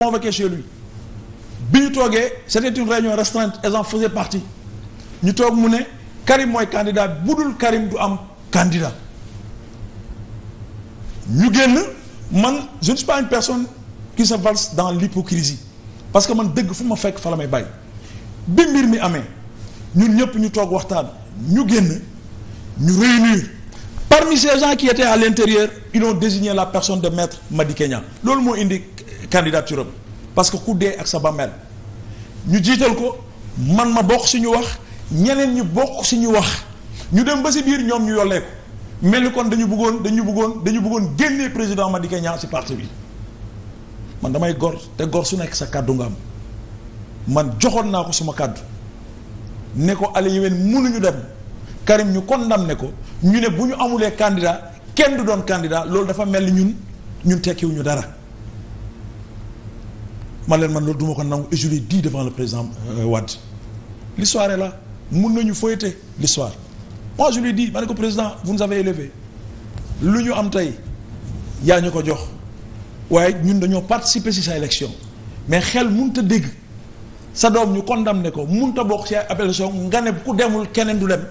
convoqué chez lui bi ñu toogee c'était une réunion restreinte elles en faisaient partie ñu toog mu ne Karim mooy candidat bu dul Karim du am candidat ñu génn man je ne personne qui se valse dans l'hypocrisie parce que man dëgg fu ma fekk fa la may bàyyi bi mbir mi amee ñun ñëpp ñu toog waxtaan ñu génn ñu réunir parmi ces gens qui étaient à l'intérieur ils ont désigné la personne de maître Madické Niang loolu moo indi candidature am parce que ku dee ak sa bàmmeel ñu jiital ko man ma bokk suñu wax ñeneen ñi ñu bokk ñu wax ñu dem ba si biir ñoom ñu yollee ko mel ni kon dañu bëggoon dañu bëggoon dañu bëggoon génnee président ma Madické ñaaw si parti bi man damay gor te gor su nekk sa kàddu nga am man joxoon naa ko suma kàddu ne ko ale yéwén mënuñu dem Karim ñu ne ko ñu ne bu ñu amulee candidat kenn du doon candidat loolu dafa mel ni ñun ñun tekkiwuñu dara man leen man loolu du ma ko nangu et je l'ai dit devant le président euh, Wade l'histoire est là mun nañu feuilleter l'histoire moi je lui dis ma ne ko président vous nous avez élevé lu ñu am tey yaa ñu ko jox waaye ñun dañoo participer ci sa élection mais xel mënut a dégg sa doom ñu condamné ko mënut a bokk ci appellation nga ne ku demul keneen du dem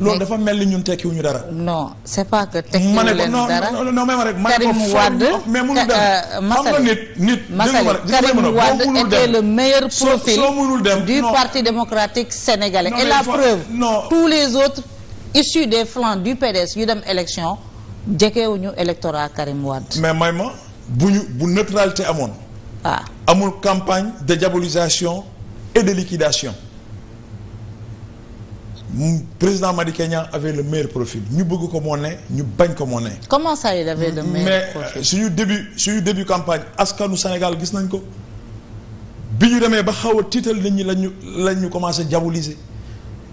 loolu dafa mel ni ñun tekkiwu ñu dara. non c'est pas que tekkiwu dara no ne ko non non même euh, rek. Karim Wade mais mënul dem xam nga nit nit. Karim Wade était le meilleur profil du parti démocratique sénégalais. et la preuve tous les autres issus des flancs du PDS yu dem élection jegewuñu électorat Karim Wade. mais may ma bu ñu bu neutralité amoon. ah amul campagne de diabolisation et de liquidation. président Madické Niang avait le meilleur profil ñu bëgg ko moo ñu bañ ko moo ne. comment ça il avait le meilleur euh, suñu début suñu début campagne askanu Sénégal gis nañ ko bi ñu demee ba xaw tiital nit ñi la ñu la ñu commencé diaboliser.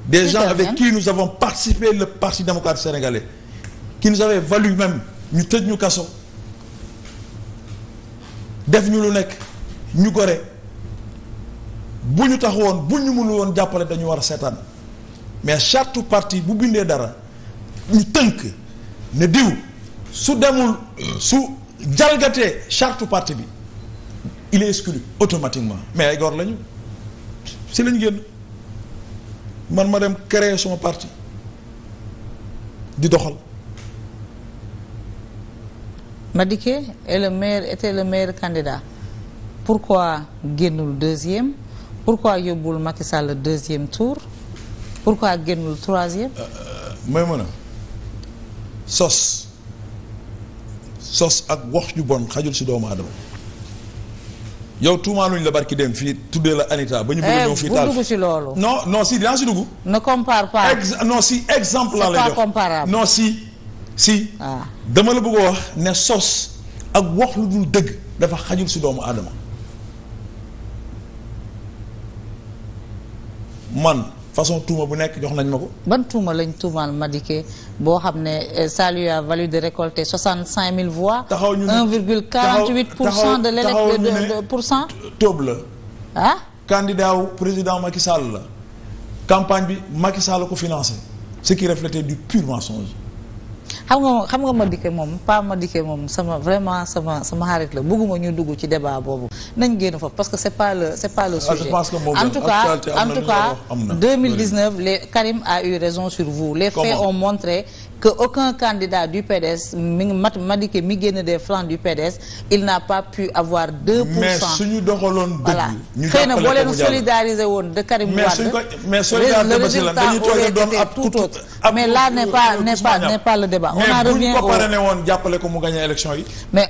des gens avec qui nous avons participé le parti démocrate sénégalais qui nous avait valu même ñu tëj ñu kaso def ñu lu nekk ñu gore bu ñu tax woon bu ñu mënul woon jàppale dañu war a seetaan. mais charte parti bu bindee dara tënk ne diw su demul su jalgatee charte parti bi il est exclu automatiquement mais ay góor lañu si lañ génn man ma dem créer son parti di doxal. Madické est le meilleur était le meilleur candidat pourquoi génnul deuxième pourquoi yóbbul Macky Sall deuxième tour. pourquoi génnul troisième. Euh, may mën a sos sos ak wax ju bon xajul si doomu aadama yow tuumaaluñ la barki dem fii tuddee la Anita ba ñu bëgg eh, ñëw fii taal dugg si loolu. si dinaa si dugg. ne compare pas. Ex si exemple laa lay jox c'est si si. Ah. dama la bëgg wax ne sos ak wax lu dul dëgg dafa xajul si doomu aadama man. façon tuuma bu nekk jox nañ ma ko. ban tuuma lañ tuumaal Madické boo xam ne ça eh, lui a valu de récolter soixante cinq mille voix. taxaw ñu ne 1,48 pour cent de l' pour cent. la. ah. candidat président Macky Sall la. campagne bi Macky Sall ko financé. ce qui reflétait du pur mensonge. xam nga xam nga Madické moom pas Madické moom sama vraiment sama sama xarit la bëgguma ñu dugg ci débat boobu. nañ génn foofu parce que c'est pas le c'est pas le ah, sujet en tout cas en tout cas 2019 les Karim a eu raison sur vous les faits ont montré que aucun candidat du PDS mi mat Madické mi génn des flancs du PDS il n'a pas pu avoir 2 pour cent mais suñu doxaloon dëgg xëy na boo leen solidariser woon de Karim Wade le résultat aurait été tout autre mais là n'est pas n'est pas le débat on en revient au mais ko paree ne élection yi